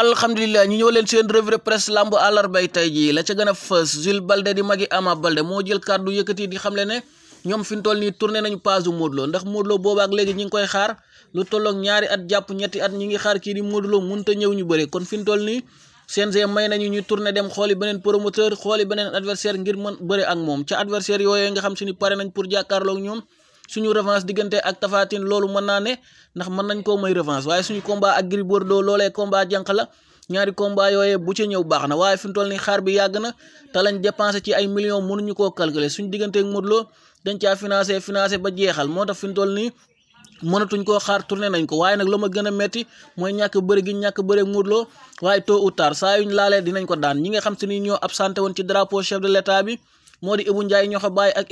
alhamdulilah ñu ñëw leen seen revue de presse lamb àllarbay tey jii la ca gën a fës Jules Balde di magi Ama Balde moo jël kàddu yëkkati di xamle ne ñoom fi mu toll nii tourné nañu page bu Modou Lo ndax Modou Lo boobaak léegi ñi ngi koy xaar lu tollook ñaari at jàpp ñetti at ñi ngi xaar kii di Modou Lo ñëw ñu bëre kon fi nii. CNG may nañu ñu tourné dem xooli beneen promoteur xooli beneen adversaire ngir mën bëre ak moom ca adversaire yooyu nga xam si ni pare nañ pour jàkkaarloog loolu mën naa ne ndax mën nañ ko may revanche waaye suñu combat ak Gris Bordeaux loolee combat jànq la ñaari combat yooyee bu ci ñëw baax na waaye fi mu toll nii xaar bi yàgg na te lañ dépensé ci ay millions mënuñu koo calculer suñu diggante ak Modou Lo dañ caa financé financé ba jeexal moo tax fi nii mënatuñ koo xaar tourné nañ ko waaye nag lu ma gën a metti mooy ñàkk bëri gi ñàkk bëri muurloo waaye tôt ou tard saa laalee dinañ ko daan ñi nga xam te ni ñoo absenté woon ci drapeau chef de l'état bi moo di Ibou Ndiaye ñoo xa bàyyi ak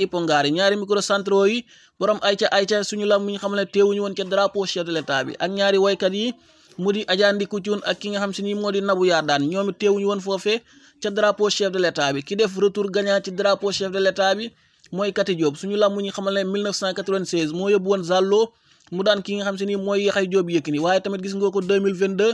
suñu lam ñu xam ne teewuñu woon ca drapeau chef de l'état bi ak ñaari woykat yi mu di ajaandi kucun xam si ni moo di nabu yaa daan ñoom it teewuñu woon foofee ca drapeau chef de l'état bi ki def retour gagnant ci drapeau chef de l'état bi mooy moo yóbbu woon Zallo mu daan ki nga xam si ni mooy Yaxya Joob Yékini waaye tamit gis nga ko 2022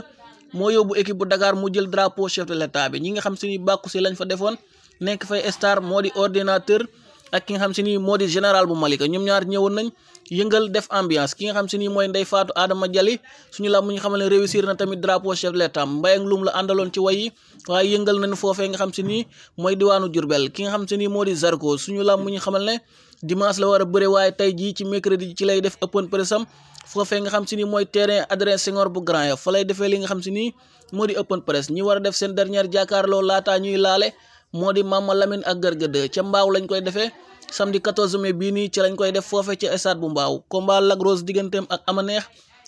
moo yóbbu équipe bu Dakar mu jël drapeau chef de l'état bi ñi nga xam si ni bàkku si lañ fa defoon nekk fay star moo di ordinateur ak ki nga xam si ni moo di général bu Malika ñoom ñaar ñëwoon nañ yëngal def ambiance ki nga xam si ni mooy Ndey Faatu Adama Jali suñu laam mu ñu xamal ne réussir na tamit drapeau chef de l'état mbéyang lum la àndaloon ci way yi waaye yëngal nañ foofee nga xam si ni mooy diwaanu Jurbel ki nga xam si ni moo di Zarko suñu la mu ñu xamal ne dimanche la war a bëre waaye tey jii ci mercredi ci lay def open press am foofee nga xam si ni mooy tere Adrien Senghor bu Grand Yoff fa lay defee li nga xam si ni moo di open press ñi war a def seen dernière jàkkaarloo laataa ñuy laale moo di ma Lamine ak gërgëd ca mbaaw lañ koy defee samedi 14 mai bii nii ci lañ koy def foofe ca stade bu mbaaw combat Lac Rose digganteem ak Ama Neex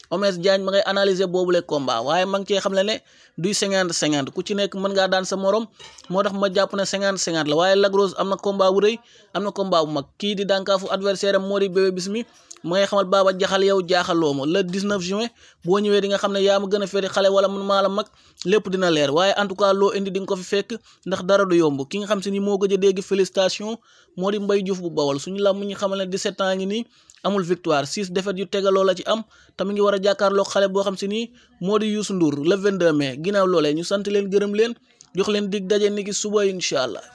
Omes Diagne ma ngay analyser boobule combat waaye ma ngi cee ne duy cinquante cinquante ku ci nekk mën ngaa daan sa morom moo tax ma jàpp ne cinquante cinquante la waaye Lagrosse am na combat bu rëy am na combat bu moo di Bébé Bismi ma ngay xamal Jaxal yow jaaxaloo ma le 19 juin boo ñëwee di nga xam ne yaa ma gën a féete xale wala maa la mag lépp dina leer waaye en tout loo indi di nga ko fi fekk ndax dara du yomb ki nga xam ni moo gëj a dégg félicitation moo di Mbaye Diouf bu Bawol suñu lam mu ñu xamal ne 17 ans ngi nii amul victoire six défaites yu tegaloo la ci am te ngi war a jàkkaarloog xale boo xam si ni moo di Youssou Ndour le 22 mai ginnaaw loolee ñu sant leen gërëm leen jox leen dig daje niki suba incha allah.